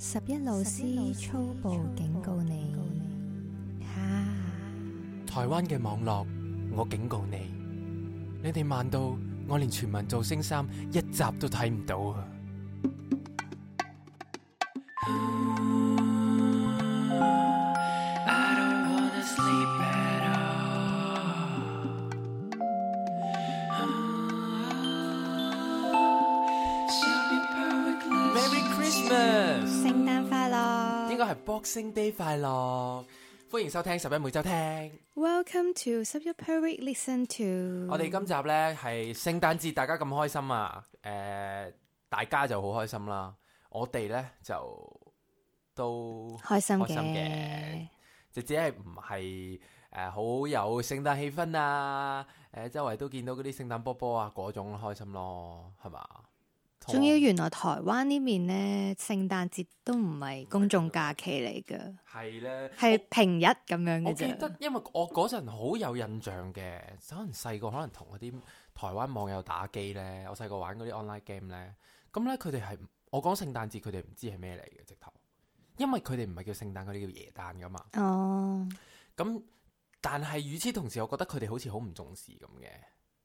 拾壹老師粗暴警告你：啊、台灣嘅網絡，我警告你，你哋慢到我連全民造星三一集都睇唔到啊！聖誕快樂，歡迎收聽十一每周聽。Welcome to 十一 p e r Listen to。我哋今集咧係聖誕節，大家咁開心啊！誒、呃，大家就好開心啦，我哋咧就都開心嘅，就只係唔係誒好有聖誕氣氛啊！誒、呃，周圍都見到嗰啲聖誕波波啊，嗰種開心咯，係嘛？仲、哦、要，原來台灣呢面呢，聖誕節都唔係公眾假期嚟嘅，係咧係平日咁我樣嘅。我記得，因為我嗰陣好有印象嘅，小小可能細個可能同嗰啲台灣網友打機呢，我細個玩嗰啲 online game 呢。咁呢，佢哋係我講聖誕節，佢哋唔知係咩嚟嘅直頭，因為佢哋唔係叫聖誕，佢哋叫耶誕噶嘛。哦，咁、嗯、但係，與此同時，我覺得佢哋好似好唔重視咁嘅，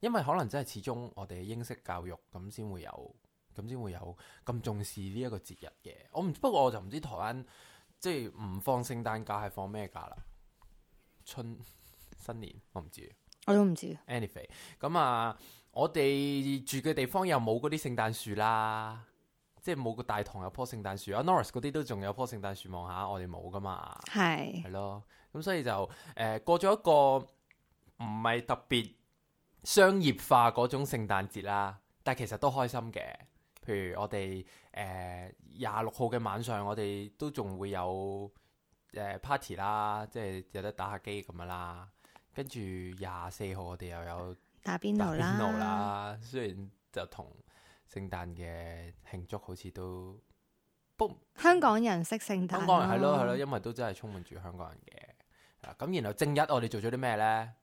因為可能真係始終我哋英式教育咁先會有。咁先會有咁重視呢一個節日嘅。我唔，不，不過我就唔知台灣即係唔放聖誕假係放咩假啦？春新年我唔知，我都唔知。Anything、anyway, 咁啊！我哋住嘅地方又冇嗰啲聖誕樹啦，即係冇個大堂有棵聖誕樹。啊 Norris 嗰啲都仲有棵聖誕樹望下，我哋冇㗎嘛。係係是咯，咁所以就誒、呃、過咗一個唔係特別商業化嗰種聖誕節啦，但係其實都開心嘅。譬如我哋誒廿六號嘅晚上，我哋都仲會有誒、呃、party 啦，即係有得打下機咁樣啦。跟住廿四號，我哋又有打邊爐啦，啦。雖然就同聖誕嘅慶祝好似都香港人識聖誕，香港人係咯係咯，因為都真係充滿住香港人嘅。咁然後正日我，我哋做咗啲咩咧？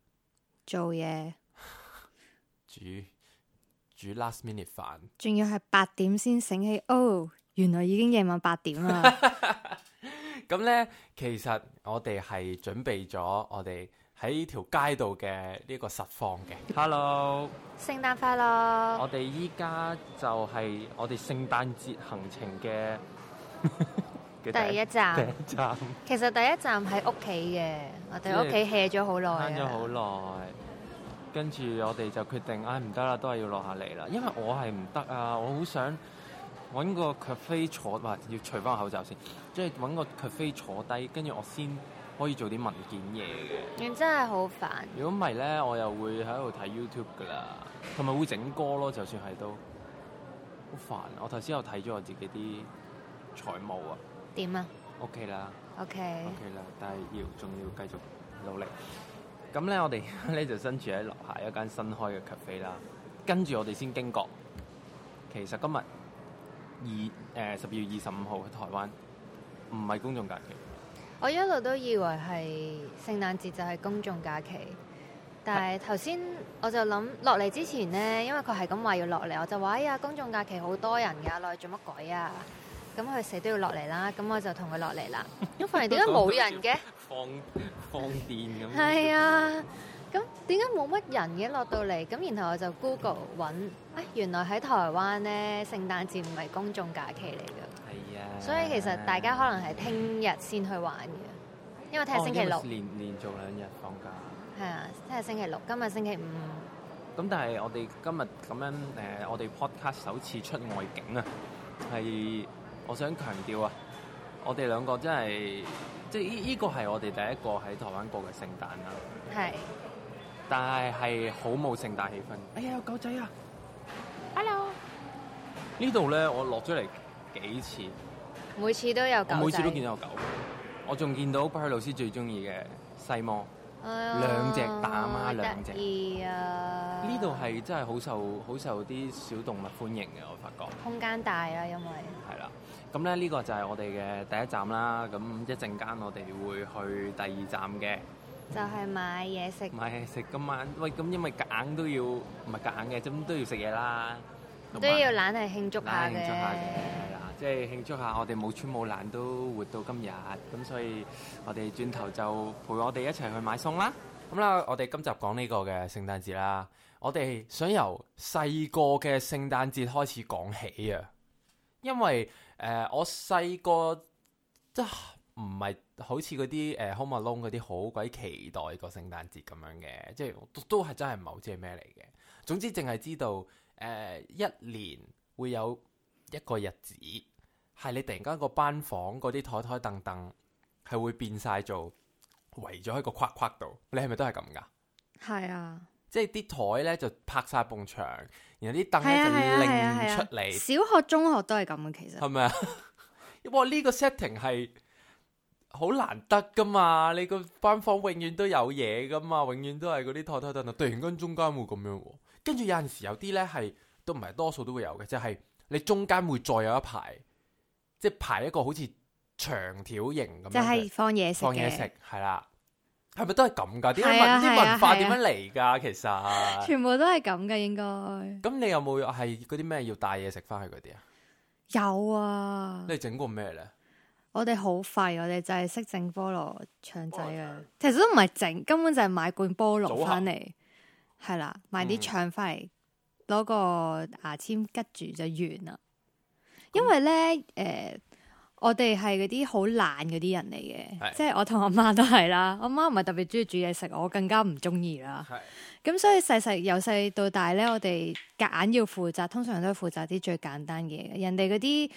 做嘢 煮。煮 last minute 飯，仲要係八點先醒起，哦，原來已經夜晚八點啦。咁咧， 其實我哋係準備咗，我哋喺條街度嘅呢個實況嘅。Hello，聖誕快樂！我哋依家就係我哋聖誕節行程嘅 第，一第一站。第一站 其實第一站喺屋企嘅，我哋屋企歇咗好耐 hea 咗好耐。跟住我哋就決定，唉唔得啦，都係要落下嚟啦。因為我係唔得啊，我好想揾個 cafe 坐，話、啊、要除翻個口罩先，即係揾個 cafe 坐低，跟住我先可以做啲文件嘢嘅。你真係好煩。如果唔係咧，我又會喺度睇 YouTube 噶啦，同埋會整歌咯，就算係都好煩。我頭先又睇咗我自己啲財務啊。點啊？OK 啦了。OK。OK 啦，但係要仲要繼續努力。咁咧，我哋呢就身處喺樓下一間新開嘅 cafe 啦。跟住我哋先驚覺，其實今日二、呃、十二月二十五號喺台灣唔係公眾假期。我一路都以為係聖誕節就係公眾假期，但係頭先我就諗落嚟之前呢，因為佢係咁話要落嚟，我就話，哎呀，公眾假期好多人㗎，落嚟做乜鬼啊？咁佢死都要落嚟啦，咁我就同佢落嚟啦。咁發現點解冇人嘅？ 放放電咁，係啊！咁點解冇乜人嘅落到嚟？咁然後我就 Google 揾，啊原來喺台灣咧，聖誕節唔係公眾假期嚟㗎。係啊，所以其實大家可能係聽日先去玩嘅，因為聽日星期六，連連續兩日放假。係啊，聽日星期六，今日星期五。咁但係我哋今日咁樣誒，我哋 Podcast 首次出外景啊，係我想強調啊，我哋兩個真係～即係依依個係我哋第一個喺台灣過嘅聖誕啦。係是。但係係好冇聖誕氣氛。哎呀，有狗仔啊！Hello。呢度咧，我落咗嚟幾次，每次都有狗。每次都見到狗。我仲見到北克老師最中意嘅西摩，uh, 兩隻打媽、uh, 兩隻。Uh, 啊！呢度係真係好受好受啲小動物歡迎嘅，我發覺。空間大啦，因為。係啦。咁咧呢個就係我哋嘅第一站啦。咁一陣間我哋會去第二站嘅，就係買嘢食。買嘢食今晚喂，咁，因為夾硬都要，唔係夾硬嘅，咁都要食嘢啦。都要懶係慶祝下慶祝下嘅。係啊，即係慶祝下，我哋冇穿冇爛都活到今日。咁所以，我哋轉頭就陪我哋一齊去買餸啦。咁啦，我哋今集講呢個嘅聖誕節啦。我哋想由細個嘅聖誕節開始講起啊，因為誒、呃，我細個即係唔係好似嗰啲誒 Home Alone 嗰啲好鬼期待個聖誕節咁樣嘅，即係都都係真係唔係好知係咩嚟嘅。總之，淨係知道誒、呃、一年會有一個日子，係你突然間個班房嗰啲台台凳凳係會變晒做圍咗喺個框框度。你係咪都係咁㗎？係啊，即係啲台咧就拍晒埲牆。然後有啲凳咧就拎出嚟，啊啊啊啊，小學、中學都係咁嘅，其實係咪啊？是吧 哇，呢、這個 setting 係好難得噶嘛，你個班房永遠都有嘢噶嘛，永遠都係嗰啲台台凳凳，突然間中間會咁樣，哦，跟住有陣時有啲咧係都唔係多數都會有嘅，就係、是、你中間會再有一排，即、就、係、是、排一個好似長條形咁，就係放嘢食，放嘢食係啦。係咪都係咁噶？點樣文？啲、啊啊、文化點樣嚟噶？啊啊、其實全部都係咁噶，應該。咁你有冇係嗰啲咩要帶嘢食翻去嗰啲啊？有啊。你整過咩咧？我哋好廢，我哋就係識整菠蘿腸仔啊！其實都唔係整，根本就係買罐菠蘿翻嚟，係啦下，買啲腸翻嚟，攞、嗯、個牙籤拮住就完啦。因為咧，誒、呃。我哋係嗰啲好懶嗰啲人嚟嘅，的即係我同阿媽都係啦。我媽唔係特別中意煮嘢食，我更加唔中意啦。咁的所以細細由細到大咧，我哋夾硬要負責，通常都係負責啲最簡單嘅嘢。人哋嗰啲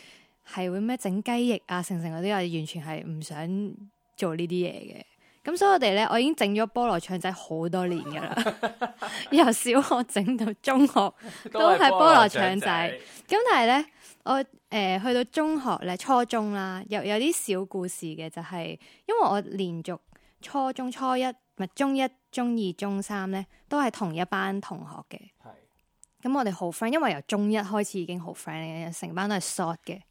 係會咩整雞翼啊，成成嗰啲啊，完全係唔想做呢啲嘢嘅。咁所以我哋咧，我已經整咗菠蘿腸仔好多年噶啦，由 小學整到中學，都係菠蘿腸仔。咁但係咧，我。誒、呃、去到中學咧，初中啦，又有啲小故事嘅就係、是，因為我連續初中初一唔係中一、中二、中三咧，都係同一班同學嘅。係是。咁我哋好 friend，因為由中一開始已經好 friend 嘅，成班都係 short 嘅。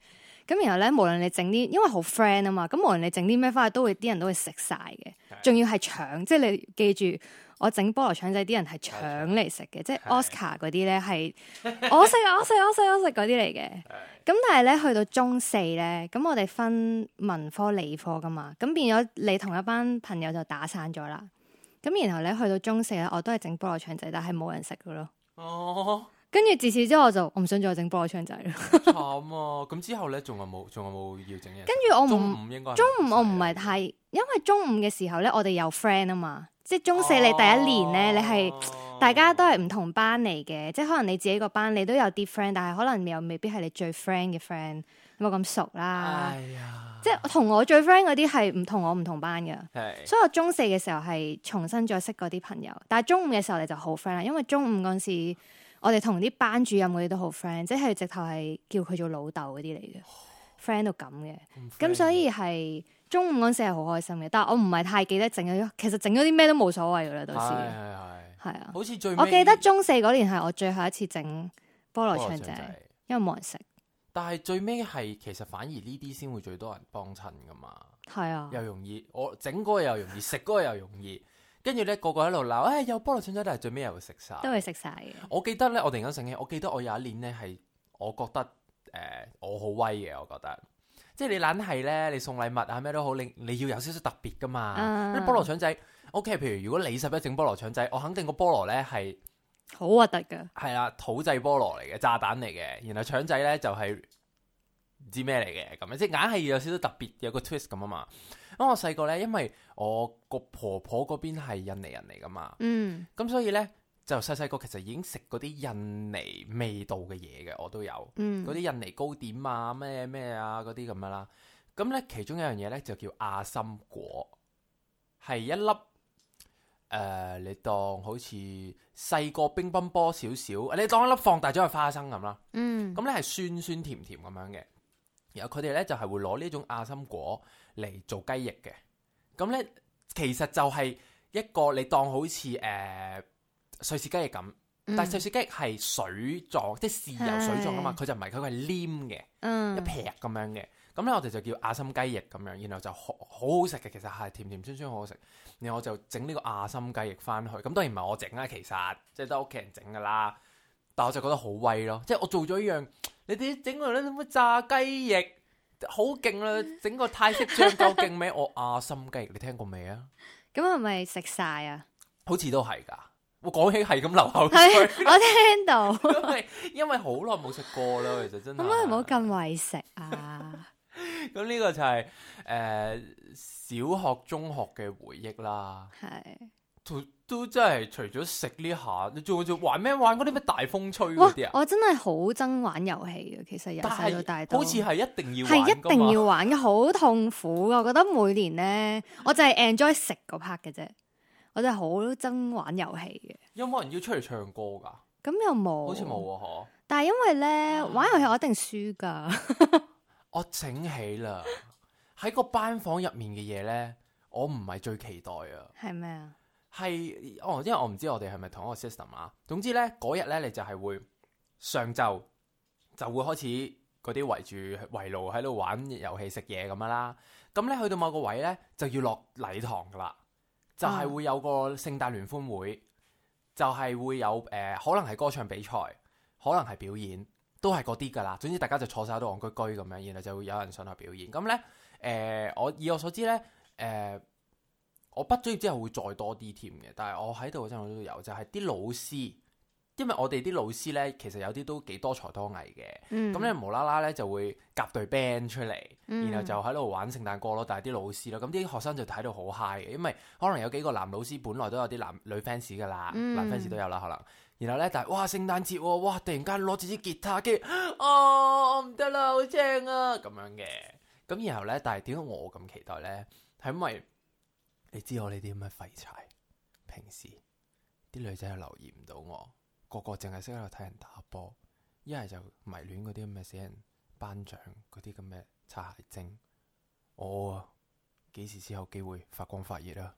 咁然後咧，無論你整啲，因為好 friend 啊嘛，咁無論你整啲咩翻去，都會啲人都會食晒嘅，仲要係搶，即係你記住，我整菠蘿腸仔啲人係搶嚟食嘅，是即係 Oscar 嗰啲咧係我食我食我食我食嗰啲嚟嘅。咁是但係咧去到中四咧，咁我哋分文科理科噶嘛，咁變咗你同一班朋友就打散咗啦。咁然後咧去到中四咧，我都係整菠蘿腸仔，但係冇人食噶咯。哦。跟住自此之後我就唔想再整玻璃窗仔啦、 啊。咁之後咧，仲有冇，仲有冇要整嘢？跟住我唔應該，中五我唔係太，因為中五嘅時候咧，我哋有 friend 啊嘛。即係中四你第一年咧，啊、你係大家都係唔同班嚟嘅。即係可能你自己個班你都有啲 friend，但係可能你又未必係你最 friend 嘅 friend，冇咁熟啦。哎呀！即係同我最 friend 嗰啲係唔同我唔同班嘅。是所以我中四嘅時候係重新再識嗰啲朋友，但係中五嘅時候你就好 friend 啦，因為中五嗰陣時。我哋同啲班主任嗰啲都好 friend，即係直頭係叫佢做老豆嗰啲嚟嘅，friend 到咁嘅。咁、哦、所以係中午嗰時係好開心嘅，但係我唔係太記得整咗，其實整咗啲咩都冇所謂噶啦。到時係啊，的的好似最我記得中四嗰年係我最後一次整菠蘿腸仔，仔因為冇人食。但係最尾係其實反而呢啲先會最多人幫襯噶嘛，係啊的，又容易我整嗰個又容易食嗰個又容易。 跟住咧，個個喺度鬧，誒、哎、有菠蘿腸仔，但係最尾又會食晒。都係食晒嘅。我記得咧，我突然間醒起，我記得我有一年咧係，我覺得誒、呃、我好威嘅，我覺得，即係你硬係咧，你送禮物啊咩都好，你你要有少少特別噶嘛。啊、菠蘿腸仔 OK，譬如如果你拾壹整菠蘿腸仔，我肯定個菠蘿咧係好核突嘅，係啦、啊，土製菠蘿嚟嘅，炸彈嚟嘅，然後腸仔咧就係、是、唔知咩嚟嘅，咁即係硬係要有少少特別，有個 twist 咁啊嘛。當我細個咧，因為我個婆婆嗰邊係印尼人嚟噶嘛，咁、嗯、所以咧就細細個其實已經食嗰啲印尼味道嘅嘢嘅，我都有嗰啲、嗯、印尼糕點啊，咩咩啊嗰啲咁樣啦。咁咧其中一樣嘢咧就叫阿心果，係一粒誒、呃，你當好似細個乒乓波少少，你當一粒放大咗嘅花生咁啦。咁咧係酸酸甜甜咁樣嘅，然後佢哋咧就係會攞呢種阿心果。嚟做雞翼嘅，咁咧其實就係一個你當好似誒瑞士雞翼咁，但係瑞士雞翼係水狀，即係豉油水狀啊嘛，佢就唔係，佢係黏嘅，一劈咁樣嘅，咁咧我哋就叫亞參雞翼咁樣，然後就好好好食嘅，其實係甜甜酸酸好好食，然後我就整呢個亞參雞翼翻去，咁當然唔係我整啦，其實即係都屋企人整噶啦，但我就覺得好威咯，即係我做咗一樣，你哋整嗰啲咩炸雞翼？好勁啦！整個泰式醬都勁咩？ 我阿、啊、心雞，你聽過未啊？咁係咪食晒啊？好似都係噶。我、哦、講起係咁流口水。我聽到。 因為因為好耐冇食過啦，其實真係。可唔可以唔好咁為食啊？咁呢個就係、是、誒、呃、小學中學嘅回憶啦。係是。都真係除咗食呢下，你仲會仲玩咩玩嗰啲咩大風吹啲啊？我真係好憎玩遊戲嘅，其實由細到大都，好似係一定要係一定要玩嘅，好痛苦啊！我覺得每年咧，我就係 enjoy 食嗰 part 嘅啫，我真係好憎玩遊戲嘅。有冇人要出嚟唱歌噶？咁又冇，好似冇吓。但係因為咧玩遊戲，我一定輸噶。我整起啦，喺個班房入面嘅嘢咧，我唔係最期待啊。係咩啊？係哦，因為我唔知我哋係咪同一個 system 啊。總之呢，嗰日呢，你就係會上晝就會開始嗰啲圍住圍爐喺度玩遊戲食嘢，咁樣啦。咁呢，去到某個位呢，就要落禮堂噶啦，就係、是、會有個聖誕聯歡會，啊、就係會有誒、呃、可能係歌唱比賽，可能係表演，都係嗰啲噶啦。總之大家就坐晒喺度戇居居咁樣，然後就會有人上去表演。咁、嗯、呢，誒、呃，我以我所知呢。誒、呃。我畢咗業之後會再多啲添嘅，但係我喺度真係我都有，就係、是、啲老師，因為我哋啲老師咧，其實有啲都幾多才多藝嘅，咁咧、嗯、無啦啦咧就會夾隊 band 出嚟，嗯、然後就喺度玩聖誕歌咯，但係啲老師咯，咁啲學生就睇到好 high 嘅，因為可能有幾個男老師本來都有啲男女 fans 噶啦，嗯、男 fans 都有啦可能，然後咧但係哇聖誕節、哦、哇突然間攞住支吉他嘅，我唔得啦，好正啊咁樣嘅，咁然後咧但係點解我咁期待咧？係因為你知我呢啲咁嘅廢柴，平時啲女仔又留意唔到我，個個淨係識喺度睇人打波，一係就迷戀嗰啲咁嘅死人頒獎嗰啲咁嘅擦鞋精。我、哦、啊，幾時先有機會發光發熱啦、啊？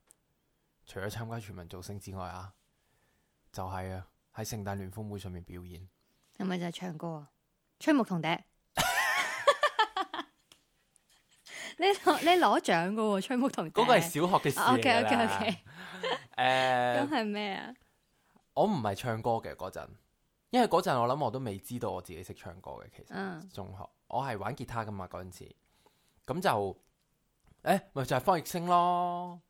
除咗參加全民造星之外啊，就係啊喺聖誕聯歡會上面表演，係咪就係唱歌啊？吹牧童笛。你你攞獎噶喎，吹木同。嗰個係小學嘅事嚟 o k OK OK, okay. uh,。誒， 咁係咩啊？我唔係唱歌嘅嗰陣，因為嗰陣我諗我都未知道我自己識唱歌嘅，其實。Uh. 中學我係玩吉他噶嘛，嗰陣時。咁就，誒、欸，咪就係、是、方力申咯。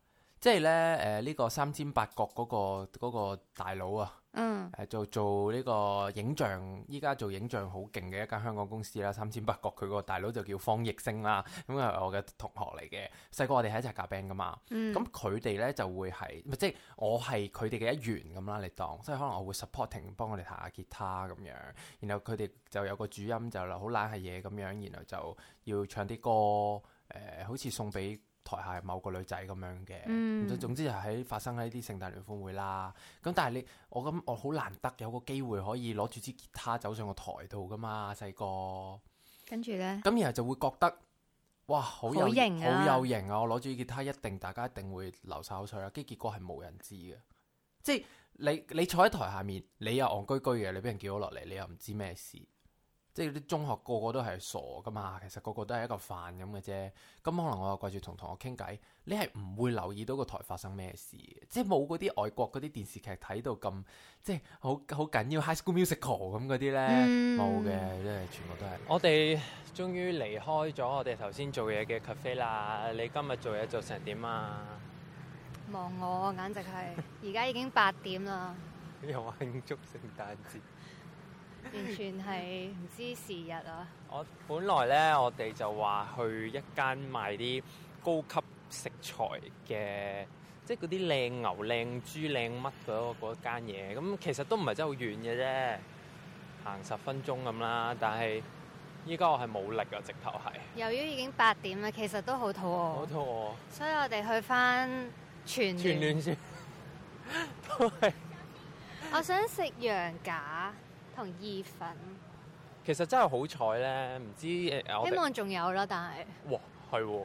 即係咧，誒呢、呃這個三千八角嗰、那個那個大佬啊，誒、嗯、做做呢個影像，依家做影像好勁嘅一間香港公司啦。三千八角佢個大佬就叫方逸星啦，咁、嗯、係我嘅同學嚟嘅。細個我哋喺一齊夾 band 噶嘛，咁佢哋咧就會係，唔即係我係佢哋嘅一員咁啦，你當，即係可能我會 supporting 幫我哋彈下吉他咁樣，然後佢哋就有個主音就喇好懶係嘢咁樣，然後就要唱啲歌，誒、呃、好似送俾。台下某個女仔咁樣嘅，咁、嗯、總之就喺發生喺啲聖誕聯歡會啦。咁但係你，我咁我好難得有個機會可以攞住支吉他走上個台度噶嘛。細個跟住呢，咁然後就會覺得，哇，好有型好、啊、有型啊！我攞住支吉他，一定大家一定會流晒口水啦。跟住結果係冇人知嘅，即係你你坐喺台下面，你又戇居居嘅，你俾人叫咗落嚟，你又唔知咩事。即係啲中學個個都係傻噶嘛，其實個個都係一個飯咁嘅啫。咁可能我又掛住同同學傾偈，你係唔會留意到個台發生咩事，即係冇嗰啲外國嗰啲電視劇睇到咁，即係好好緊要《High School Musical》咁嗰啲咧冇嘅，即係全部都係。嗯、我哋終於離開咗我哋頭先做嘢嘅 cafe 啦。你今日做嘢做成點啊？望我簡直係，而家 已經八點啦。 又慶祝聖誕節。完全係唔知時日啊！我本來咧，我哋就話去一間賣啲高級食材嘅，即係嗰啲靚牛、靚豬、靚乜嗰嗰間嘢。咁其實都唔係真係好遠嘅啫，行十分鐘咁啦。但係依家我係冇力啊，直頭係。由於已經八點啦，其實都好肚餓。好肚餓。所以我哋去翻全暖先。全暖先。我想食羊架。同意粉，其實真係好彩咧，唔知、呃、希望仲有啦，但係，哇，係喎！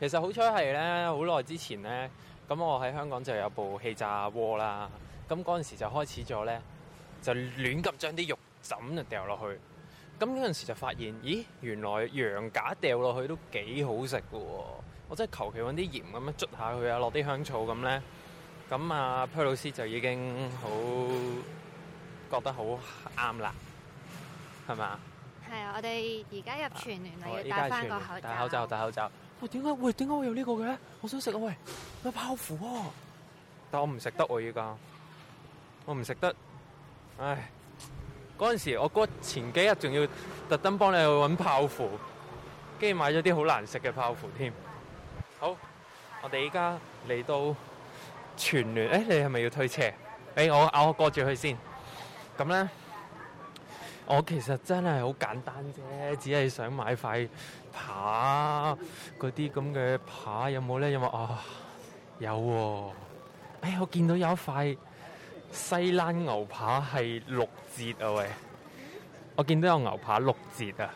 其實好彩係咧，好耐之前咧，咁我喺香港就有部氣炸鍋啦。咁嗰陣時就開始咗咧，就亂咁將啲肉枕啊掉落去。咁嗰陣時就發現，咦，原來羊架掉落去都幾好食嘅喎！我真係求其搵啲鹽咁樣捽下佢啊，落啲香草咁咧。咁啊 p 老師就已經好。 覺得好啱啦，係咪啊？係啊！我哋而家入全聯啊，要戴返個口罩，戴口罩，戴口罩。喂，點解？喂，點解我有個呢個嘅？我想食啊！喂，有泡芙、啊，但我唔食得喎、啊。依家 我唔食得，唉。嗰陣時，我哥前幾日仲要特登幫你去揾泡芙，跟住買咗啲好難食嘅泡芙添。好，我哋依家嚟到全聯。誒、欸，你係咪要推車？畀我咬，我過住去先。咁咧，我其實真係好簡單啫，只係想買塊扒，嗰啲咁嘅扒有冇咧？有冇啊？有喎、哦！誒、欸，我見到有一塊西冷牛扒係六折啊！喂、欸，我見到有牛扒六折啊！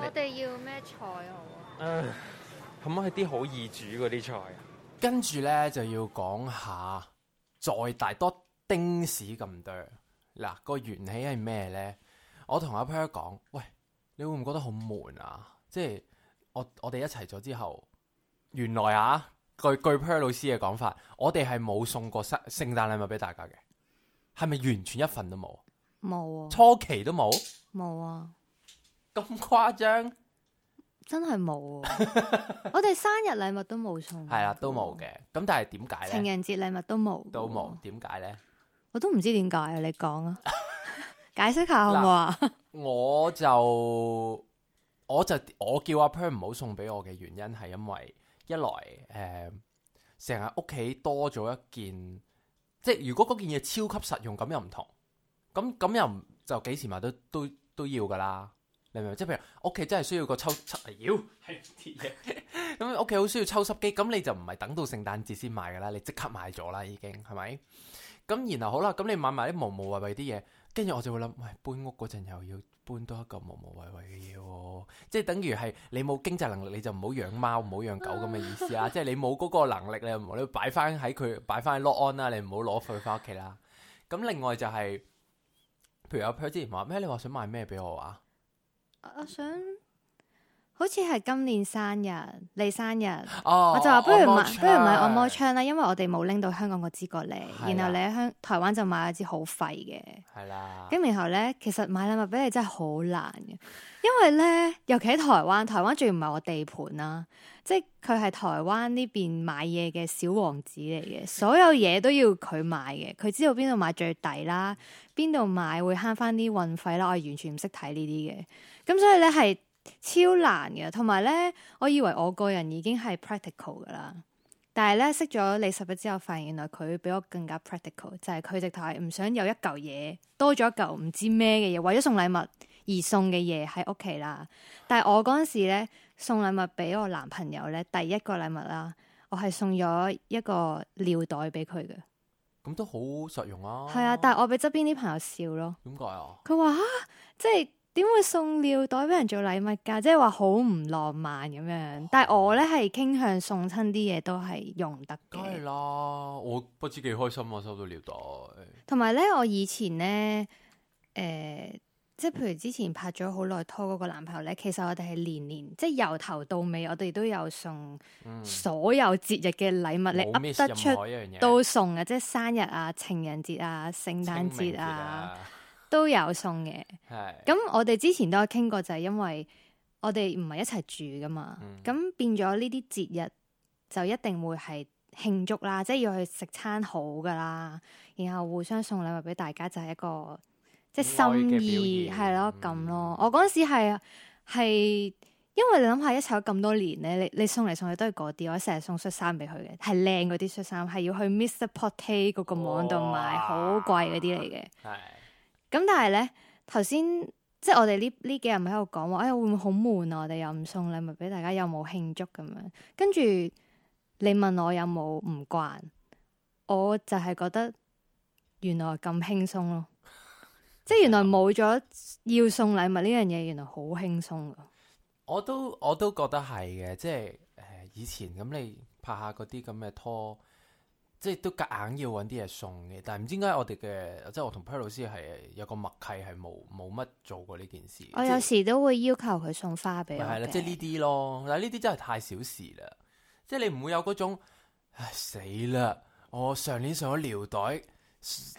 嗯、 我哋要咩菜好啊？可唔可以啲好易煮嗰啲菜啊？跟住咧就要講下再大多丁士咁多。嗱，那個緣起係咩咧？我同阿 Per 講：「喂，你會唔覺得好悶啊？即係我我哋一齊咗之後，原來啊，據據 Per 老師嘅講法，我哋係冇送過聖聖誕禮物俾大家嘅，係咪完全一份都冇？冇有啊！初期都冇？冇有啊！咁誇張？真係冇啊！ 我哋生日禮物都冇送。係啦，都冇嘅。咁 但係點解咧？情人節禮物都冇。都冇，點解咧？我都唔知點解啊！你講啊，解釋下好唔好啊？我就我就我叫阿 Prun 唔好送俾我嘅原因係因為一來誒成日屋企多咗一件，即係如果嗰件嘢超級實用，咁又唔同咁咁又唔就幾時買都都都要噶啦，你明唔明？即係譬如屋企真係需要個抽濕啊，妖係咁，屋企好需要抽濕機，咁你就唔係等到聖誕節先買噶啦，你即刻買咗啦，已經係咪？咁然後好啦，咁你買埋啲無無謂謂啲嘢，跟住我就會諗，喂、哎、搬屋嗰陣又要搬多一個無無謂謂嘅嘢喎，即係等於係你冇經濟能力，你就唔好養貓，唔好養狗咁嘅意思啊！啊即係你冇嗰個能力你你擺翻喺佢，擺翻喺 loan 啦，你唔好攞佢翻屋企啦。咁另外就係、是，譬如阿 p e 之前話咩？你話想買咩俾我啊？我我想。好似係今年生日，你生日，哦、我就話不如買不如買按摩槍啦，因為我哋冇拎到香港嗰支過嚟，啊、然後你喺香台灣就買一支好廢嘅，係啦、啊。咁然後咧，其實買禮物俾你真係好難嘅，因為咧，尤其喺台灣，台灣最唔係我地盤啦，即係佢係台灣呢邊買嘢嘅小王子嚟嘅，所有嘢都要佢買嘅，佢知道邊度買最抵啦，邊度買會慳翻啲運費啦，我完全唔識睇呢啲嘅，咁所以咧係。超難嘅，同埋咧，我以為我個人已經係 practical 噶啦，但係咧識咗你十日之後，發現原來佢比我更加 practical，就係佢直頭係唔想有一嚿嘢多咗一嚿唔知咩嘅嘢，為咗送禮物而送嘅嘢喺屋企啦。但係我嗰陣時咧送禮物俾我男朋友咧第一個禮物啦，我係送咗一個尿袋俾佢嘅，咁都好實用啊。係啊，但係我俾側邊啲朋友笑咯，點解啊？佢話吓，即係。點會送尿袋俾人做禮物噶？即係話好唔浪漫咁樣。嗯、但係我咧係傾向送親啲嘢，都係用得嘅。係囉，我不知幾開心我收到尿袋。同埋咧，我以前咧，誒、呃，即係譬如之前拍咗好耐拖嗰個男朋友咧，嗯、其實我哋係年年，即係由頭到尾，我哋都有送所有節日嘅禮物，嗯、你噏得出都送嘅，即係生日啊、情人節啊、聖誕節啊。都有送嘅，咁是的、嗯、我哋之前都有傾過，就係因為我哋唔係一齊住㗎嘛，咁、嗯、變咗呢啲節日就一定會係慶祝啦，即、就、係、是、要去食餐好㗎啦，然後互相送禮物俾大家就係一個即係、就是、心意係咯咁咯。我嗰陣時係係因為你諗下一齊咗咁多年咧，你你送嚟送去都係嗰啲，我成日送恤衫俾佢嘅，係靚嗰啲恤衫，係要去 Mr. Porter 嗰個網度買，好哇貴嗰啲嚟嘅。 咁但係呢，頭先即係我哋呢呢幾日咪喺度講，話哎呀，會唔會好悶啊？我哋又唔送禮物俾大家，有冇慶祝咁樣。跟住你問我有冇唔慣，我就係覺得原來咁輕鬆咯，即係原來冇咗要送禮物呢樣嘢， 原來好輕鬆噶。我都我都覺得係嘅，即係、呃、以前咁你拍下嗰啲咁嘅拖。即係都夾硬要揾啲嘢送嘅，但係唔知點解我哋嘅，即係我同 Per 老師係有個默契，係冇冇乜做過呢件事。我有時都會要求佢送花俾我。係啦，即係呢啲咯，但係呢啲真係太小事啦。即係你唔會有嗰種唉死啦！我上年送咗尿袋，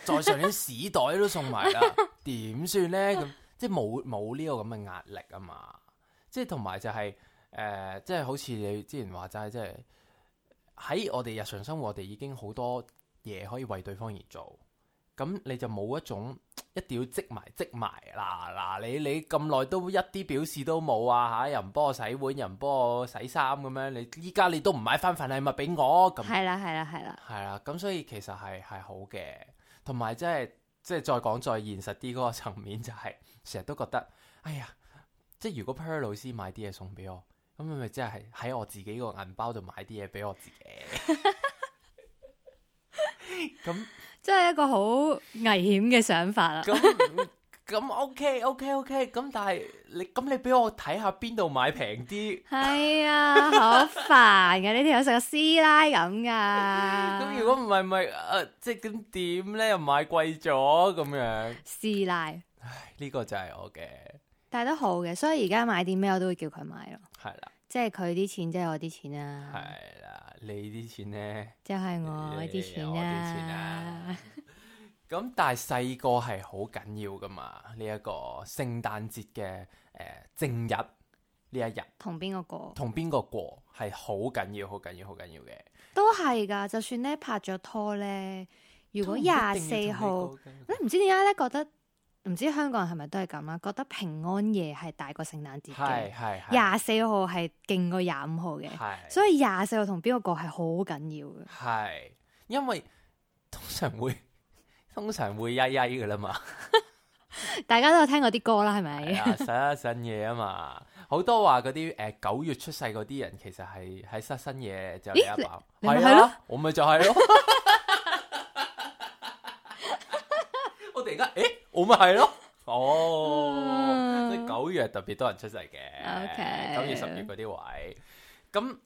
再上年屎袋都送埋啦，點 算咧？咁即係冇冇呢個咁嘅壓力啊嘛！即係同埋就係、是、誒，即、呃、係、就是、好似你之前話齋，即、就、係、是。喺我哋日常生活，我哋已經好多嘢可以為對方而做，咁你就冇一種一定要積埋積埋啦！嗱、啊啊，你你咁耐都一啲表示都冇啊吓，又唔幫我洗碗，又唔幫我洗衫咁樣，你依家你都唔買翻份禮物俾我，咁係啦係啦係啦係啦，咁所以其實係係好嘅，同埋即係即係再講再現實啲嗰個層面、就係，就係成日都覺得，哎呀，即、就、係、係、如果 Per 老師買啲嘢送俾我。咁咪咪即係喺我自己個銀包度買啲嘢俾我自己。咁即係一個好危險嘅想法啦。咁 咁 OK OK OK，咁但係你咁你俾我睇下邊度買平啲。係 啊，好煩嘅，你哋好似個師奶咁噶。咁如果唔係咪，誒、呃，即係咁點咧？又買貴咗咁樣。師奶。唉，呢、這個就係我嘅。帶得好嘅，所以而家買啲咩我都會叫佢買咯。係啦的，即係佢啲錢即係我啲錢啦、啊。係啦，你啲錢咧，即係我啲錢啦、啊。咁 但係細個係好緊要噶嘛？呢、這、一個聖誕節嘅誒正日呢一日，同邊個過？同邊個過係好緊要、好緊要、好緊要嘅。都係噶，就算咧拍咗拖咧，如果廿四號，誒唔知點解咧覺得？唔知香港人係咪都係咁啦？覺得平安夜係大過聖誕節嘅，廿四號係勁過廿五號嘅，是所以廿四號同邊個過係好緊要嘅。係因為通常會通常會曳曳嘅啦嘛， 大家都有聽過啲歌啦，係咪？係啊，失身夜啊嘛，好多話嗰啲誒九月出世嗰啲人其實係係失身夜就嚟一爆，係咯， 我咪就係咯，我突然間誒～誒我咪係咯，哦、oh,，oh. 所以九月特別多人出世嘅，九 Okay. 月十月嗰啲位。咁，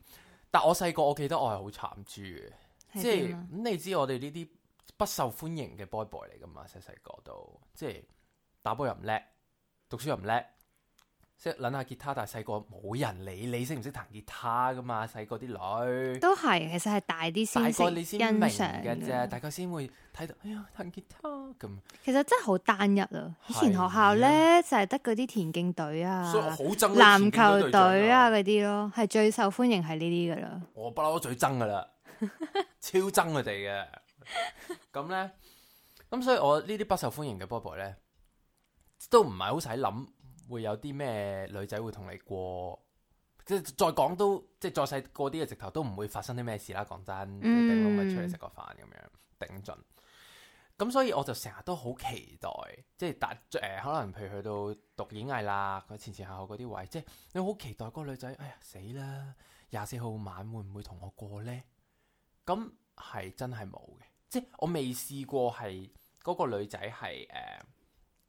但我細個我記得我係好慘豬嘅，即係咁你知我哋呢啲不受歡迎嘅 boy boy 嚟㗎嘛，細細個都即係打波又唔叻，讀書又唔叻。即係諗下吉他，但係細個冇人理你識唔識彈吉他噶嘛。細個啲女都係，其實係大啲先，大個你先欣賞嘅啫，大家先會睇到哎呀彈吉他咁。其實真係好單一啊。以前學校咧是、啊、就係得嗰啲田徑隊啊，所以好憎，啊。籃球隊啊嗰啲咯，係最受歡迎係呢啲噶啦。我不嬲最憎噶啦，超憎佢哋嘅。咁咧，咁所以我呢啲不受歡迎嘅波 o b 咧，都唔係好使諗。會有啲咩女仔會同你過？即係再講都，即係再細個啲嘅直頭都唔會發生啲咩事啦。講真，頂櫳咪出嚟食個飯咁樣頂盡。咁所以我就成日都好期待，即係達誒可能譬如去到讀演藝啦，佢前前後後嗰啲位，即係你好期待嗰個女仔。「哎呀死啦！廿四號晚會唔會同我過呢？」咁係真係冇嘅，即係我未試過係嗰個女仔係誒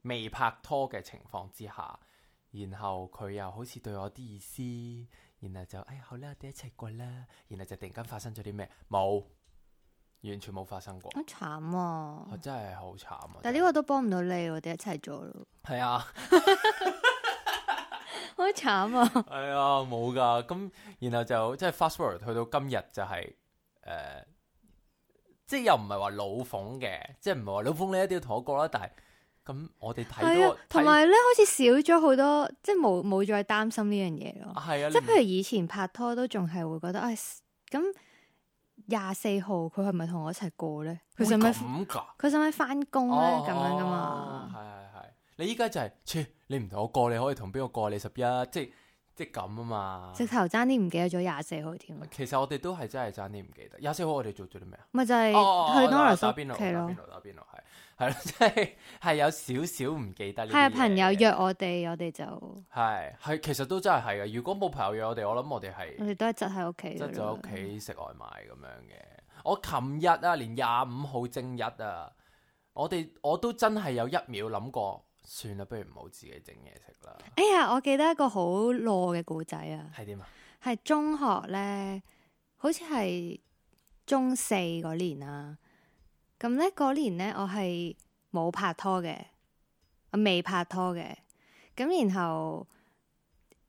未拍拖嘅情況之下。然後佢又好似對我啲意思，然後就誒、哎、好啦，我哋一齊過啦。然後就突然間發生咗啲咩？冇，完全冇發生過。好慘啊，啊！真係好慘啊！但呢個都幫唔到你，我哋一齊做咯。係啊，好慘 啊！係啊、哎，冇㗎。咁然後就即係 fast forward 去到今日就係、是、誒、呃，即係又唔係話老諷嘅，即係唔係話老諷你一定要同我過啦，但係。咁我哋睇到，同埋咧好似少咗好多，即係冇冇再擔心呢樣嘢咯。係啊，即係譬如以前拍拖都仲係會覺得，哎咁廿四號佢係咪同我一齊過咧？佢使咪使噶？佢使使翻工咧？咁樣噶嘛？係係係，你依家就係，切你唔同我過，你可以同邊個過？你十一，即係即係咁啊嘛？直頭爭啲唔記得咗廿四號添。其實我哋都係真係爭啲唔記得廿四號，我哋做咗啲咩啊？咪就係去打邊爐，打邊爐，打邊爐係。係咯，即係係有少少唔記得。係朋友約我哋，我哋就係係其實都真係係嘅。如果冇朋友約我哋，我諗我哋係我哋都係窒喺屋企，窒咗屋企食外賣咁樣嘅。我琴日啊，連廿五號正日啊，我哋我都真係有一秒諗過，算啦，不如唔好自己整嘢食啦。哎呀，我記得一個好懦嘅故仔啊，係點啊？係中學咧，好似係中四嗰年啊。咁咧嗰年咧，我係冇拍拖嘅，我未拍拖嘅。咁然後，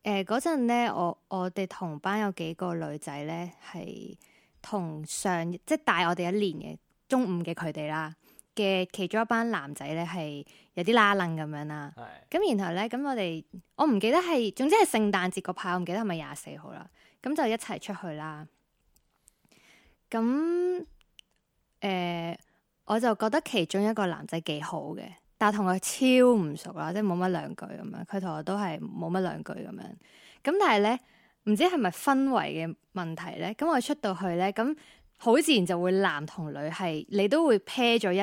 誒嗰陣咧，我我哋同班有幾個女仔咧，係同上即係大我哋一年嘅，中五嘅佢哋啦嘅其中一班男仔咧，係有啲拉楞咁樣啦。咁的然後咧，咁我哋我唔記得係，總之係聖誕節個派，我唔記得係咪廿四號啦。咁就一齊出去啦。咁誒。呃我就覺得其中一個男仔幾好嘅，但係同佢超唔熟啦，即係冇乜兩句咁樣。佢同我都係冇乜兩句咁樣。咁但係呢，唔知係咪氛圍嘅問題呢？咁我出到去呢，咁好自然就會男同女係你都會 pair 咗一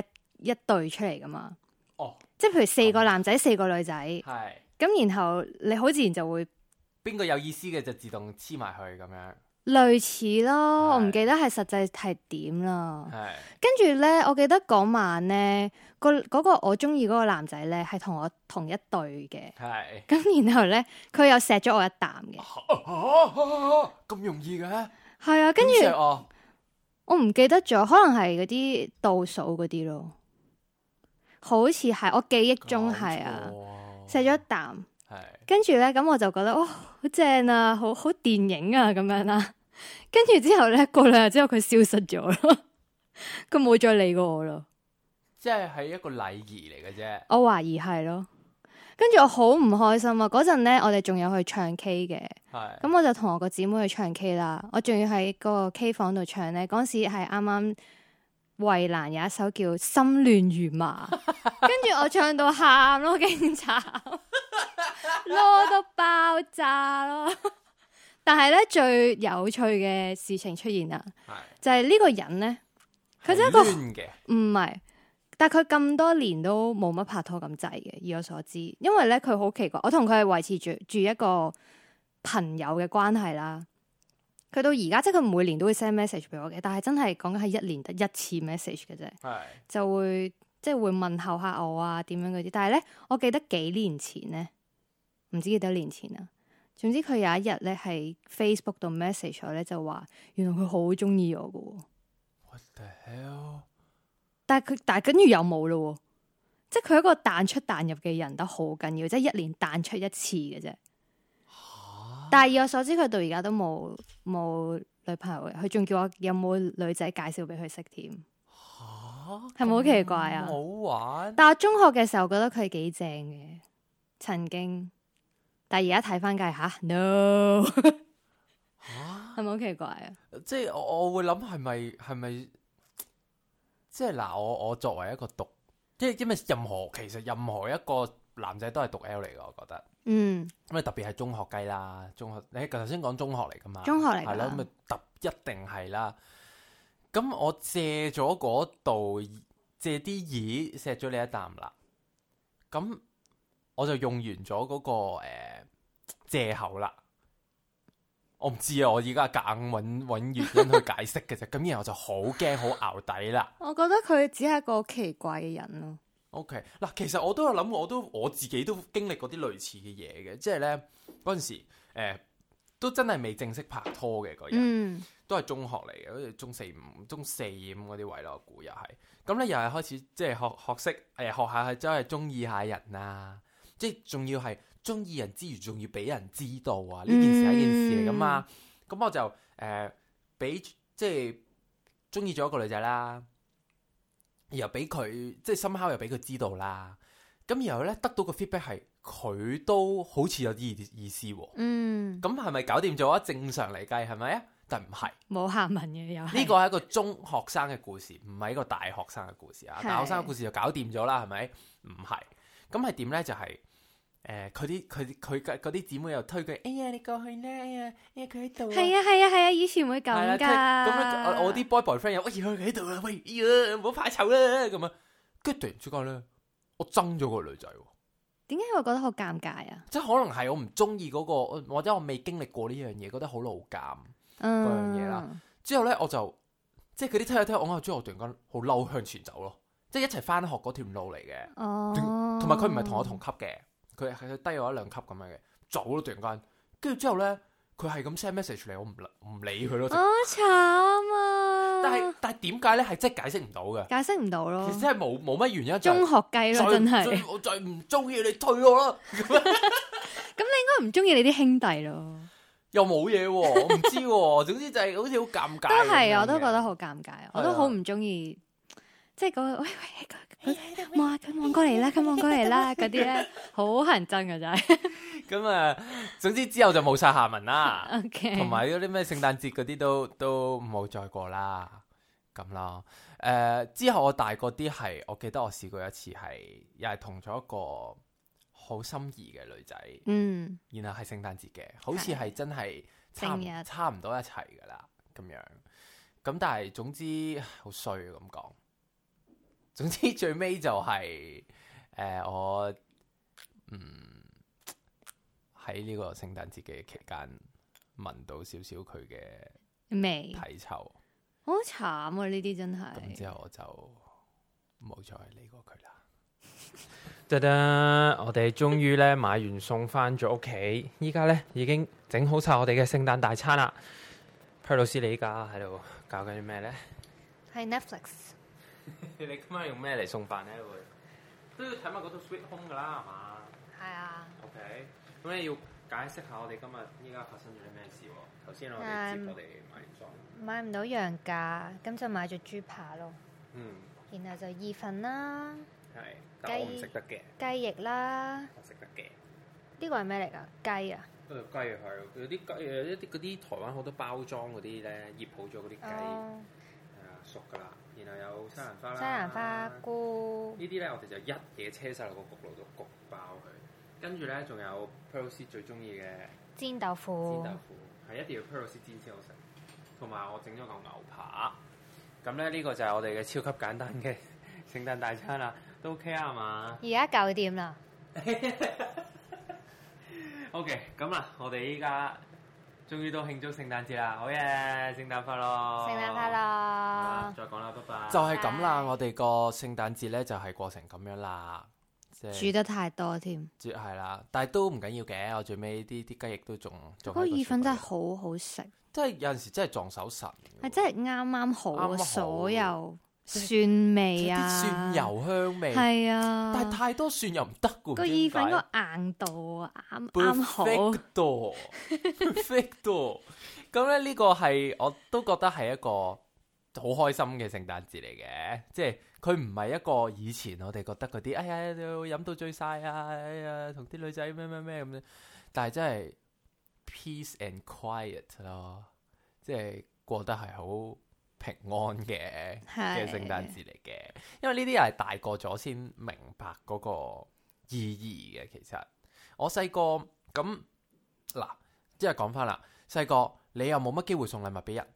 一對出嚟噶嘛。哦，oh. 即係譬如四個男仔四個女仔。係。咁然後你好自然就會邊個有意思嘅就自動黐埋去咁樣。類似咯，我唔記得係實際係點咯。係跟住咧，我記得嗰晚咧個嗰個我中意嗰個男仔咧係同我同一隊嘅。係咁然後咧，佢又錫咗我一啖嘅。咁容易嘅？係啊，跟住我唔記得咗，可能係嗰啲倒數嗰啲咯。好似係我記憶中係啊，錫咗一啖。係跟住咧，咁我就覺得哇，好正啊，好好電影啊，咁樣啦。跟住之後咧，過兩日之後佢消失咗，佢 冇再理過我，我咯。即係係一個禮儀嚟嘅啫。我懷疑係咯。跟住我好唔開心啊！嗰陣咧，我哋仲有去唱 K 嘅。係是。咁我就同我個姊妹去唱 K 啦。我仲要喺個 K 房度唱咧。嗰時係啱啱，衛蘭有一首叫《心亂如麻》， 跟住我唱到喊咯，勁慘，攞 都爆炸咯。 但係咧，最有趣嘅事情出現啦，是就係呢個人呢。佢一個唔係，但佢咁多年都冇乜拍拖咁滯嘅，以我所知。因為呢，佢好奇怪，我同佢係維持住住一個朋友嘅關係啦。佢到而家，即係佢每年都會 send message 俾我嘅，但係真係講緊係一年得一次 message 嘅啫。是就會即係會問候下我啊，點樣嗰啲。但係呢，我記得幾年前呢，唔知幾多年前啊。總之佢有一日咧係 Facebook 度 message 我咧就話，原來佢好中意我噶喎。What the hell？但係佢但跟住又冇咯喎，即係佢一個彈出彈入嘅人都好緊要，即係一年彈出一次嘅啫。Huh? 但係以我所知佢到而家都冇冇女朋友嘅。佢仲叫我有冇女仔介紹俾佢識添。啊！係咪好奇怪啊？冇玩。但係我中學嘅時候覺得佢幾正嘅，曾經。但而家睇翻計吓，no 吓 蛤，係咪好奇怪啊？即係我我會諗係咪係咪？即係嗱，我我作為一個讀，即係因為任何其實任何一個男仔都係讀 L 嚟噶，我覺得嗯咁啊，因為特別係中學雞啦，中學你頭先講中學嚟噶嘛，中學嚟啦咁啊，特一定係啦。咁、嗯、我借咗嗰度借啲耳，錫咗你一啖啦。咁。我就用完咗嗰、那個誒、呃、借口啦，我唔知啊，我而家硬揾揾原因去解釋嘅啫。咁然後就好驚好淆底啦。我覺得佢只係一個奇怪嘅人咯、啊。O K 嗱，其實我都有諗，我都我自己都經歷過啲類似嘅嘢嘅，即係咧嗰陣時誒、呃、都真係未正式拍拖嘅嗰日， 都係中學嚟嘅，好似中四五、中四五嗰啲位咯，估又係。咁咧又係開始即係、就是、學學識誒學下真係中意下人啊。即係仲要係中意人之餘，仲要俾人知道啊！呢件事係一件事嚟噶嘛？咁、um、 我就誒俾、呃、即係中意咗一個女仔啦，然後又俾佢即係心口又俾佢知道啦。咁然後咧得到個 feedback 係佢都好似有啲意思。嗯，咁係咪搞掂咗啊？正常嚟計係咪啊？但唔係，冇下文嘅。呢個係一個中學生嘅故事，唔係一個大學生嘅故事啊！Right. 是大學生嘅故事就搞掂咗啦，係咪？唔係，咁係點咧？就係、是。誒，佢啲佢佢啲姊妹又推佢，哎呀你過去呢？哎呀，佢喺度，係、哎、啊係啊係啊，以前唔會咁噶。咁、啊呃、我啲 boyfriend 又好似佢喺度啦，喂，哎呀唔好怕醜啦咁啊，跟住突然之間咧，我憎咗嗰個女仔。點解我覺得好尷尬啊？即係可能係我唔中意嗰個，或者我未經歷過呢樣嘢，覺得好老尷嗰樣嘢啦。之後咧我就即係佢啲聽啊聽，我喺中學突然間好嬲，向前走咯，即係一齊翻學嗰條路嚟嘅。哦、同埋佢唔係同我同級嘅。佢係佢低我一兩級咁樣嘅，早都突然間，跟住之後咧，佢係咁 send message 嚟，我唔唔理佢咯。好慘啊！但係但係點解咧係真解釋唔到嘅？解釋唔到咯。其實係冇冇乜原因。中學雞咯，真係再再唔中意你退我咯。咁你應該唔中意你啲兄弟咯？又冇嘢喎，我唔知喎。總之就係好似好尷尬。都係啊，我都覺得好尷尬啊，我都好唔中意。即係嗰、那個喂喂，佢佢望下佢望過嚟啦，咁望喂過嚟啦，嗰啲咧好乞人憎噶咋。咁啊、 那個，總之之後就冇晒下文啦，同埋嗰啲咩聖誕節嗰啲都都冇再過啦，咁咯。誒、呃，之後我大個啲係，我記得我試過一次係，又係同咗一個好心儀嘅女仔，嗯，然後係聖誕節嘅，好似係真係差、嗯、日差唔多一齊噶啦，咁樣。咁但係總之好衰咁講。總之最尾就係、是、誒、呃、我嗯喺呢個聖誕節嘅期間聞到少少佢嘅味體臭，好慘啊！呢啲真係。咁之後我就冇再理過佢啦。得得， 我哋終於咧買完送翻咗屋企，依家咧已經整好晒我哋嘅聖誕大餐啦。p 老師你依家喺度搞緊啲咩咧？係 Netflix。 你今晚用咩嚟送飯咧？會都要睇埋嗰套《Sweet Home》噶啦，係嘛？係啊。OK，咁你要解釋下我哋今日依家發生咗啲咩事喎？頭先我哋接我哋買裝、啊，買唔到羊架，咁就買咗豬扒咯。嗯。然後就意粉啦。係。雞。雞翼啦。我食得嘅。呢個係咩嚟噶？雞啊。誒雞係，有啲雞一啲啲台灣好多包裝嗰啲咧醃好咗嗰啲雞，係啊、oh. 熟噶啦。然後有西蘭花啦，西蘭花菇呢啲咧，我哋就一嘢車晒落個焗爐度焗爆佢。跟住咧，仲有 Perros 最中意嘅煎豆腐，煎豆腐係一定要 Perros 煎先好食。同埋我整咗個牛扒。咁咧呢、呢個就係我哋嘅超級簡單嘅 聖誕大餐啦，都 OK 啊嘛。而家九點啦。OK，咁啦，我哋依家。終於到慶祝聖誕節啦！好嘢！聖誕快樂！聖誕快樂！再講啦，拜拜！就係咁啦，Bye. 我哋個聖誕節咧就係過成咁樣啦。煮、即係、得太多添，煮係啦，但係都唔緊要嘅。我最尾啲啲雞翼都仲仲。個意粉真係好好食，即係 有陣時真係撞手神。係真係啱啱好，所有。剛剛好好蒜味啊，蒜油香味，係啊，但係太多蒜又唔得嘅，個意粉個硬度啊，啱啱好 perfect 度，perfect 度，咁咧呢個係我都覺得係一個好開心嘅聖誕節嚟嘅。即係佢唔係一個以前我哋覺得嗰啲，哎呀要飲到醉晒啊，哎呀同啲女仔咩咩咩咁，但係真係 peace and quiet 咯，即係過得係好。平安嘅嘅聖誕節嚟嘅，的因為呢啲係大個咗先明白嗰個意義嘅。其實我細個咁嗱，即係講翻啦，細個，你又冇乜機會送禮物俾人，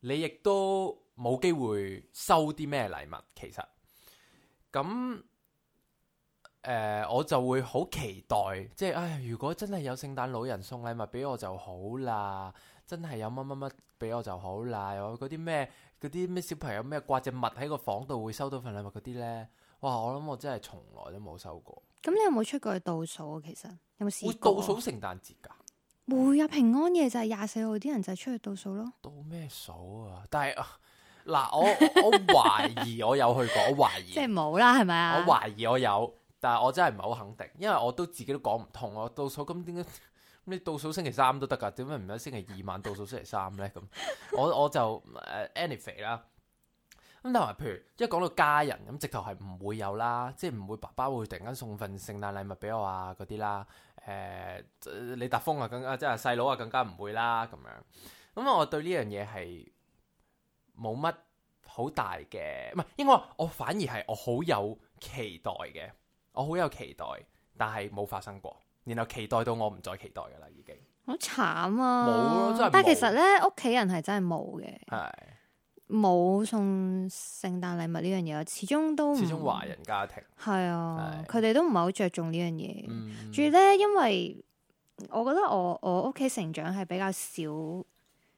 你亦都冇機會收啲咩禮物。其實咁，誒、呃，我就會好期待，即係唉，如果真係有聖誕老人送禮物俾我就好啦。真係有乜乜乜俾我就好啦！我嗰啲咩嗰啲咩小朋友咩掛隻物喺個房度會收到份禮物嗰啲咧，哇！我諗我真係從來都冇收過。咁你有冇出過去倒數啊？其實有冇試過？會倒數聖誕節噶，會啊！平安夜就係廿四號啲人就係出去倒數咯。倒咩數啊？但係嗱，呃，我我懷疑我有去過， 我懷懷疑即係冇啦，係咪啊？我懷懷疑， 疑我有，但係我真係唔係好肯定，因為我都自己都講唔通我倒數咁點解？你倒數星期三都得㗎，點解唔喺星期二晚倒數星期三呢？咁我我就誒、呃、anyway 啦。咁但係譬如，一講到家人咁，直頭係唔會有啦，即係唔會爸爸會突然間送份聖誕禮物俾我啊嗰啲啦。誒、呃，李達峰啊，更加，即係細佬啊，更加唔會啦。咁樣咁，我對呢樣嘢係冇乜好大嘅，唔係，應該我反而係我好有期待嘅，我好有期待，但係冇發生過。然後期待到我唔再期待㗎喇，已經好慘啊！但係其實咧，屋企人係真係冇嘅，係冇是送聖誕禮物呢樣嘢，始終都始終華人家庭係啊，佢哋是都唔係好着重，嗯、呢樣嘢。住咧，因為我覺得我我屋企成長係比較少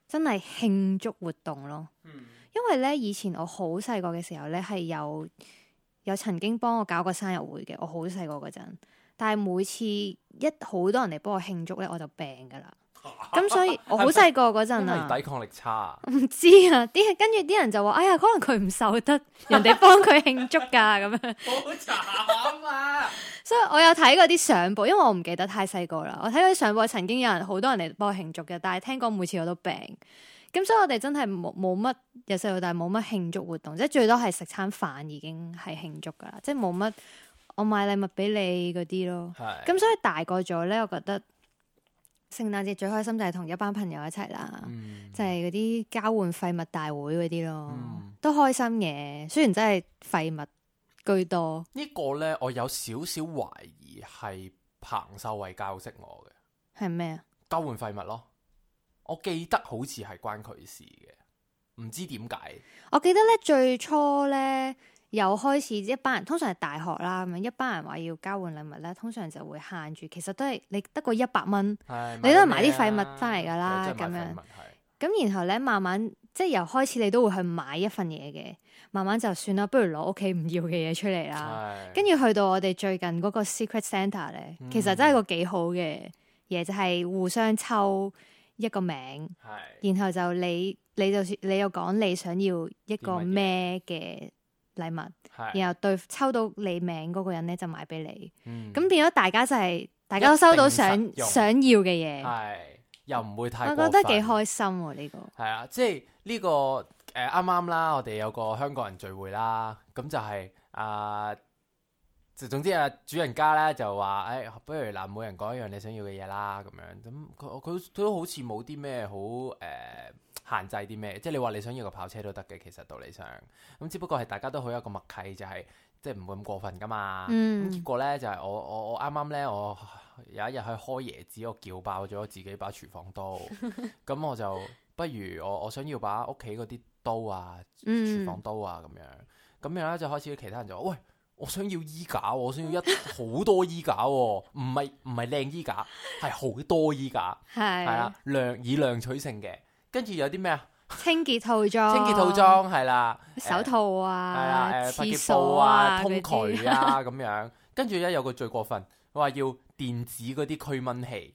真係慶祝活動咯，嗯、因為咧以前我好細個嘅時候咧係有有，有曾經幫我搞過生日會嘅，我好細個嗰陣。但係每次一好多人嚟幫我慶祝咧，我就病噶啦。咁、啊、所以我好細個嗰陣啊， 抵抗力差。唔知啊，啲、啊、跟住啲人就話：哎呀，可能佢唔受得人哋幫佢慶祝噶咁 樣。好慘啊！所以我有睇過啲相簿，因為我唔記得太細個啦。我睇過啲相簿，曾經有人好多人嚟幫我慶祝嘅，但係聽講每次我都病。咁所以我哋真係冇冇乜由細到大冇乜慶祝活動，即係最多係食餐飯已經係慶祝噶啦，即係冇乜。我買禮物俾你嗰啲咯，咁係所以大個咗咧，我覺得聖誕節最開心就係同一班朋友一齊啦，嗯、就係嗰啲交換廢物大會嗰啲咯，嗯、都開心嘅，雖然真係廢物居多。個呢個咧，我有少少懷疑係彭秀慧教識我嘅，係咩啊？交換廢物咯，我記得好似係關佢事嘅，唔知點解。我記得咧，最初咧。有開始一班人，通常係大學啦，咁樣一班人話要交換禮物咧，通常就會限住，其實都係你得個一百蚊，你都係買啲廢、啊、物翻嚟噶啦，咁、啊、樣咁，然後咧慢慢即係由開始你都會去買一份嘢嘅，慢慢就算啦，不如攞屋企唔要嘅嘢出嚟啦，跟住是去到我哋最近嗰個 secret center 咧，其實真係個幾好嘅嘢，嗯、就係互相抽一個名，是然後就你你就你又講你，你想要一個咩嘅。禮物，是然後對抽到你名嗰個人咧就買俾你，咁變咗大家就係、是、大家都收到想想要嘅嘢，又唔會太，我覺得幾開心喎呢、這個。係啊，即係呢、這個誒啱啱啦，我哋有個香港人聚會啦，咁就係、是、啊、呃，就總之啊主人家咧就話，誒、哎、不如嗱，每人講一樣你想要嘅嘢啦，咁樣咁佢佢佢都好似冇啲咩好誒。呃限制啲咩？即係你話你想要個跑車都得嘅，其實道理上咁，只不過係大家都好有一個默契，就係即係唔會咁過分噶嘛。咁、嗯、結果咧就係、是、我我我啱啱咧，我有一日去開椰子，我撬爆咗自己把廚房刀。咁下次我就不如我我想要把屋企嗰啲刀啊，廚下次、嗯、房刀啊咁樣。咁然後咧就開始其他人就話：喂，我想要衣架、啊，我想要一好 多衣架、啊，唔係唔係靚衣架，係好多衣架，係啦，量以量取勝嘅。跟住有啲咩啊？清潔套裝， 清潔套裝係啦，手套啊，誒、欸，百潔、啊、布啊，啊通渠啊，咁 樣。跟住一有個最過分，佢話要電子嗰啲驅蚊器，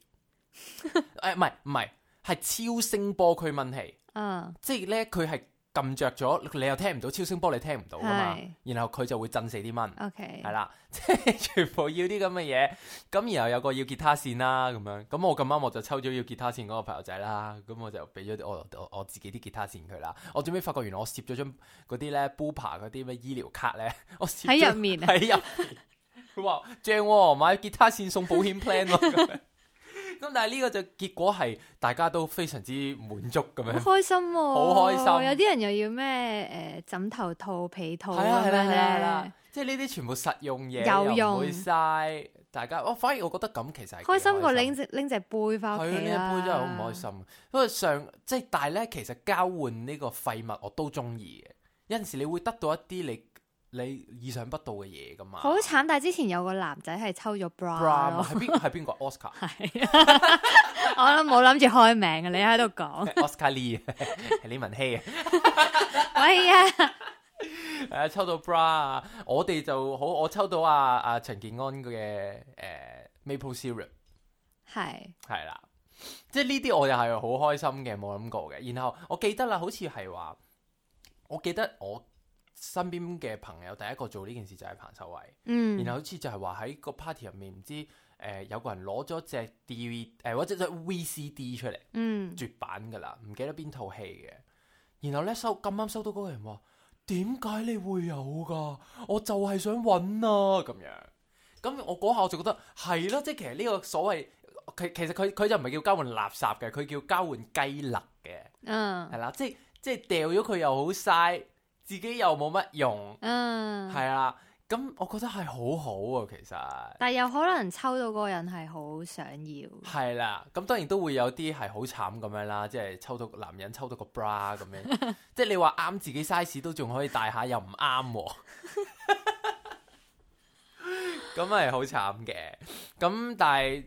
誒、 欸，唔係唔係，係超聲波驅蚊器，嗯，即係咧佢係。撳着咗，你又聽唔到超聲波，你聽唔到噶嘛？是然後佢就會震死啲蚊。O K，係啦，即 係全部要啲咁嘅嘢。咁然後有個要吉他線啦，咁樣。咁我咁啱我就抽咗要吉他線嗰個朋友仔啦。咁我就俾咗我我我自己啲吉他線佢啦。我最尾發覺，原來我攝咗張嗰啲咧，Bupa 嗰啲咩醫療卡咧，我攝咗喺入面。喺 入，佢話正喎、哦，買吉他線送保險 plan 咯。 咁但係呢個就結果係大家都非常之滿足咁樣，啊，好 開心，好開心。有啲人又要咩、誒、呃、枕頭套、被套咁樣咧，即係呢啲全部實用嘢，有用，唔會嘥。大家我、哦、反而我覺得咁其實開心，開心過拎隻拎隻杯翻屋企啦，個杯真係好唔開心。不過、啊、上即係但係咧，其實交換呢個廢物我都中意嘅。有陣時你會得到一啲你。你意想不到嘅嘢噶嘛？好慘！但係之前有個男仔係抽咗 bra bra 咯，係邊係邊個？Oscar，我諗冇諗住開名嘅，你喺度講。Oscar Lee，李 文希， 喂，啊，誒抽到 bra 啊！我哋就好，我抽到阿阿陳建安嘅誒、呃、maple syrup，係係 是啦，即係呢啲我又係好開心嘅，冇諗過嘅。然後我記得啦，好似係話，我記得我。身邊嘅朋友第一個做呢件事就係彭秀慧，然後好似就係話喺個 party 入面唔知誒有個人攞咗隻 D V 誒或者隻 V C D 出嚟，絕版噶啦，唔記得邊套戲嘅。然後咧收咁啱收到嗰個人話：點解你會有噶？我就係想揾啊！咁樣咁我嗰下我就覺得係啦，嗯，即係其實呢個所謂其其實佢佢就唔係叫交換垃圾嘅，佢叫交換雞肋嘅，嗯，係啦，即係即係掉咗佢又好嘥。自己又冇乜用，嗯、uh，係啦，咁我覺得係好好啊，其實。但係有可能抽到嗰個人係好想要。係啦，咁當然都會有啲係好慘咁樣啦，即係抽到男人抽到個 bra 咁樣， 即係你話啱自己 size 都仲可以戴下，又唔啱，啊，咁咪好慘嘅。咁但係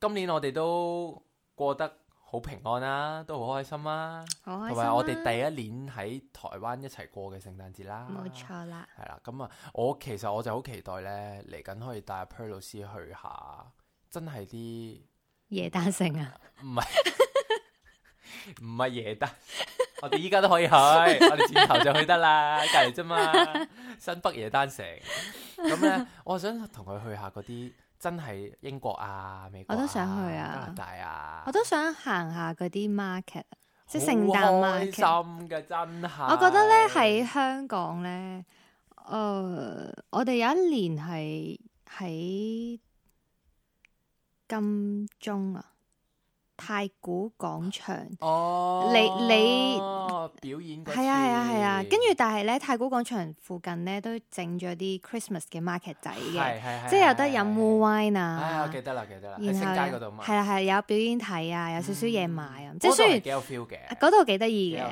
今年我哋都過得，好平安啦，都好開心啦，同埋我哋第一年喺台灣一齊過嘅聖誕節啦，冇錯啦，係啦，咁啊，我其實我就好期待咧，嚟緊可以帶阿 Per 老師去下，真係啲耶誕城啊，唔係唔係耶誕，我哋依家都可以去，我哋轉頭就去得啦，隔籬啫嘛，新北耶誕城，咁咧，我想同佢去下嗰啲。真係英國啊、美國啊、加拿、啊、我都想去啊、大啊，我都想行下嗰啲 market，即係聖誕 market。好開心嘅真係。我覺得咧喺香港咧，誒、呃，我哋有一年係喺金鐘啊。太古廣場，你、哦、你，你表演，係啊係啊係啊，跟住但係咧，太古廣場附近咧都整咗啲 Christmas 嘅 market 仔嘅，即係有得飲 wine 啊、哎我記得，記得啦記得啦，喺食街嗰度買，係啊係啊，有表演睇啊，有少少嘢買、啊，嗯、即係雖然幾有 feel 嘅，嗰度幾得意嘅，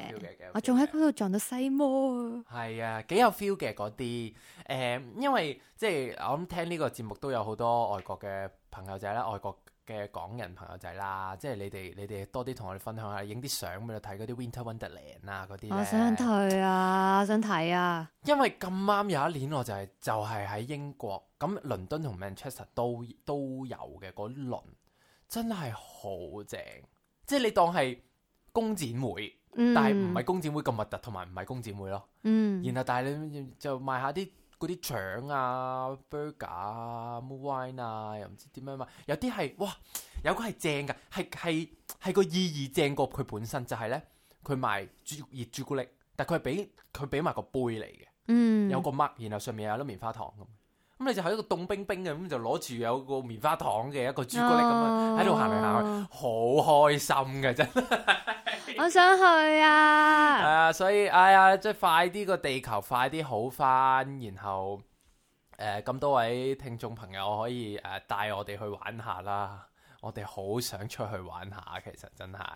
我仲喺嗰度撞到西魔、啊，係啊幾有 feel 嘅嗰啲，誒、嗯、因為即係我諗聽呢個節目都有好多外國嘅朋友仔咧，外國，嘅港人朋友仔啦，即係你哋你哋多啲同我哋分享下，影啲相俾我睇嗰啲 Winter Wonderland 啊嗰啲我想睇啊，我想睇啊！因為咁啱有一年我就係、是、就係、是、喺英國，咁倫敦同 Manchester 都都有嘅嗰輪，真係好正，即係你當係工展會，嗯、但係唔係工展會咁密特，同埋唔係工展會咯。嗯，然後但係你就買下啲。嗰啲腸啊、burger 啊、mulled wine 啊，又唔知點樣嘛？有啲係哇，有個係正㗎，係係係個意義正過佢本身就呢，就係咧佢賣朱熱朱古力，但佢係俾佢俾埋個杯嚟嘅，嗯，有個 mark 然後上面有粒棉花糖咁，咁你就係一個凍冰冰嘅，咁就攞住有個棉花糖嘅一個朱古力咁樣，喺度行嚟行去，好開心㗎真。 我想去啊！係啊，所以哎呀，即係快啲個地球快啲好翻，然後誒咁多位聽眾朋友可以誒帶我哋去玩下啦！我哋好想出去玩下，其實真係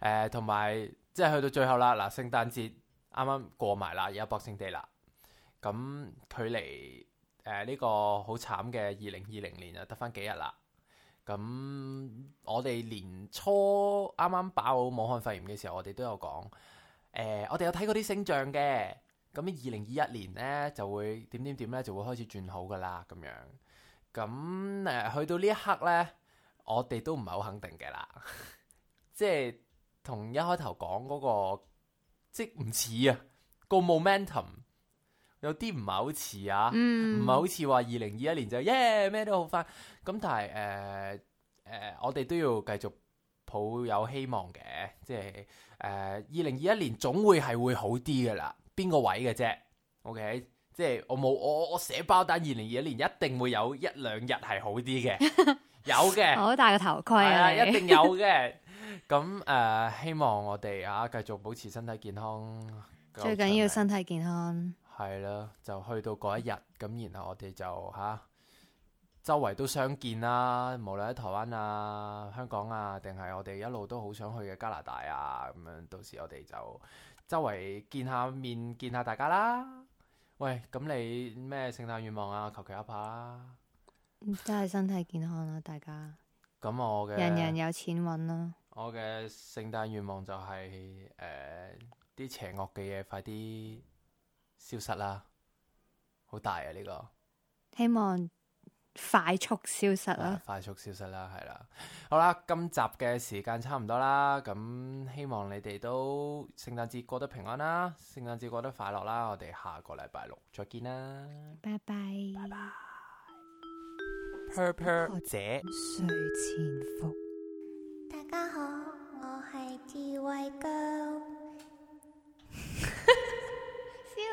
誒，同埋即係去到最後啦，嗱，聖誕節啱啱過埋啦，而家 Boxing Day 啦，咁距離誒呢個好慘嘅二零二零年啊得翻幾日啦～咁我哋年初啱啱爆武漢肺炎嘅時候，我哋都有講誒、呃，我哋有睇過啲星象嘅。咁二零二一年呢，就會點點點呢，就會開始轉好噶啦，咁樣咁誒、呃，去到呢一刻呢，我哋都唔係好肯定嘅啦、 就是那個，即係同一開頭講嗰個即唔似啊個 momentum。有啲唔係好似啊，唔係好似話二零二一年就耶、yeah, 咩都好翻咁，但係誒誒，我哋都要繼續抱有希望嘅，即係誒二零二一年總會係會好啲噶啦，邊個位嘅啫？O K，即係我冇我我寫包單二零二一年一定會有一兩日係好啲嘅， 有嘅的，我戴個頭盔啊，的你 一定有嘅。咁誒、 呃，希望我哋啊，繼續保持身體健康，最緊要身體健康。係啦，就去到嗰一日，咁然後我哋就吓周圍都相見啦，無論喺台灣啊、香港啊，定係我哋一路都好想去嘅加拿大啊，咁樣到時我哋就周圍見下面見下大家啦。喂，咁你咩聖誕願望啊？求其噏下，真係身體健康啦、啊，大家。咁我嘅人人有錢揾啦、啊 嗯。我嘅聖誕願望就係誒啲邪惡嘅嘢快啲消失啦，好、這個、大啊！呢個希望快速消失啦，啊，快速消失啦，係啦。好啦，今集嘅時間差唔多啦，咁希望你哋都聖誕節過得平安啦，聖誕節過得快樂啦。我哋下個禮拜六再見啦，拜拜，拜拜。者睡前服，大家好，我係智慧 g